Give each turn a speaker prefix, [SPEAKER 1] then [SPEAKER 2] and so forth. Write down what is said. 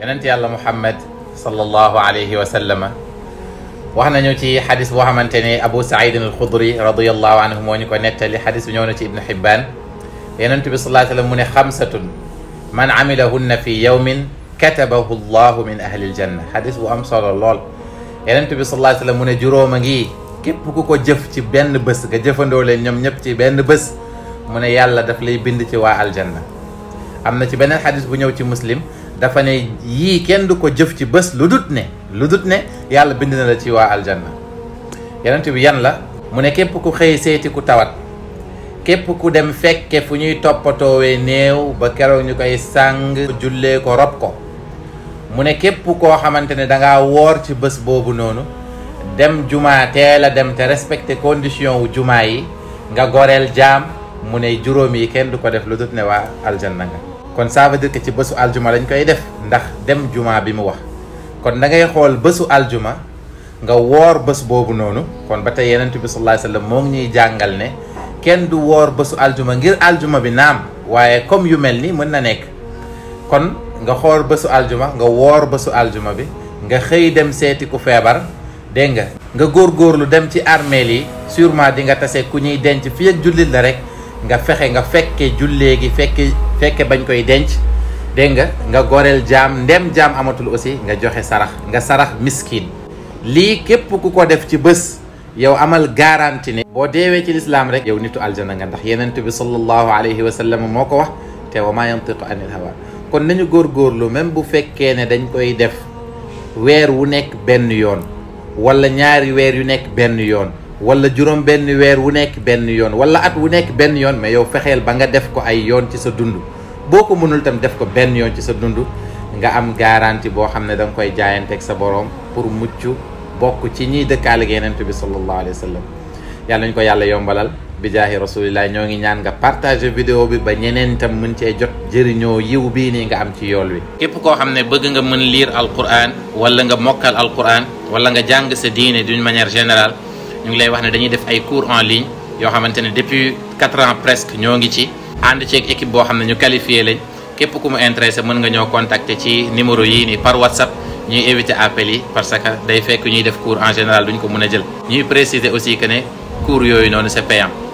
[SPEAKER 1] ينتي الله محمد صلى الله عليه وسلم وحنا نوتي حديث بو خامتاني ابو سعيد الخضري رضي الله عنه مو نكو نتالي حديث نيو نتي ابن حبان ينتي بي صلى الله عليه وسلم من خمسه من عملهن في يوم كتبه الله من اهل الجنه حديث بو ام صلى الله عليه ينتي بي صلى الله عليه وسلم من جرو ماغي كيب كوكو جيف تي بن بس غا جيفاندو لي نيوم نيب تي بن بس من يالا داف لي بيند تي وا الجنه امنا تي بنن حديث بو نيو تي مسلم dafa ne yii kenn du ko jëf ci bës lu dut ne lu dut ne yàlla bind na la ci waa aljanna yonent bi yan la mu ne képp ku xëy seeti ku tawat képp ku dem fekke fu ñuy toppatoo toppatoowee néew ba keroog ñu koy sàng jullee ko rob ko mu ne képp koo xamante ne da ngaa woor ci bës boobu noonu dem jumaa teel a dem te respecté condition wu jumaa yi nga goreel jaam mu ne juróom yi kenn du ko def lu dut ne waa aljanna nga kon ça veut ci bésu aljuma lañ koy def ndax dem juma bi mu wax kon da ngay xool bësu aljuma nga woor bës boobu noonu kon ba tey yenent bi sallallahu alayhi wasallam moo ngi ñuy jàngal ne kenn du woor bésu aljuma ngir aljuma bi naam waaye comme yu mel ni mën na nekk kon nga xool bésu aljuma nga woor bésu aljuma bi nga xëy dem seeti ku feebar dégg nga nga góorgóorlu dem ci armeel yi sûrement di nga tase ku ñuy denc fi jullit la rek nga fexe nga fekke jullee gi fekke fekke bañ koy denc denga nga gorel jam, dem jam jaam amatul aussi nga joxe sarax nga sarax miskin Li képp ku ko def ci bés yow amal garanti ne boo deewee ci lislaam rek yow nitu aljana nga ndax yenent bi sallallahu alayhi wa sallam moo wax te wa maa yantiqu anil hawa kon nañu góorgóorlu même bu fekkee ne dañ koy def weer wu nekk benn yoon wala ñaari weer yu nekk yoon wala juróom benn weer wu nekk benn yoon wala at wu nekk benn yoon mais yow fexeel ba nga def ko ay yoon ci sa dund boo ko mënul tam def ko benn yoon ci sa dund nga am garanti boo xam ne da nga koy jaayanteeg sa boroom pour mucc bokk ci ñi dëkkaale ak Yonent bi sallallahu alayhi wa sallam yàlla ñu ko yàlla yombalal bi jaahi rasulillah ñoo ngi ñaan nga partager vidéo bi ba ñeneen tam mën cee jot jëriñoo yiw bii nii nga am ci yool wi képp koo xam ne bëgg nga mën lire alquran wala nga mokkal alquran wala nga jàng sa diine d'une manière générale ñu ngi lay wax ne dañuy def ay cours en ligne yoo xamante ne depuis quatre ans presque ñoo ngi ci ànd ceeg équipe boo xam ne ñu qualifié lañ képp ku mu intéressé mën nga ñoo contacter ci numéro yii nii par WhatsApp ñuy éviter appel yi parce que day fekk ñuy def cours en général duñ ko mën a jël ñuy préciser aussi que ne cours yooyu noonu c'est payant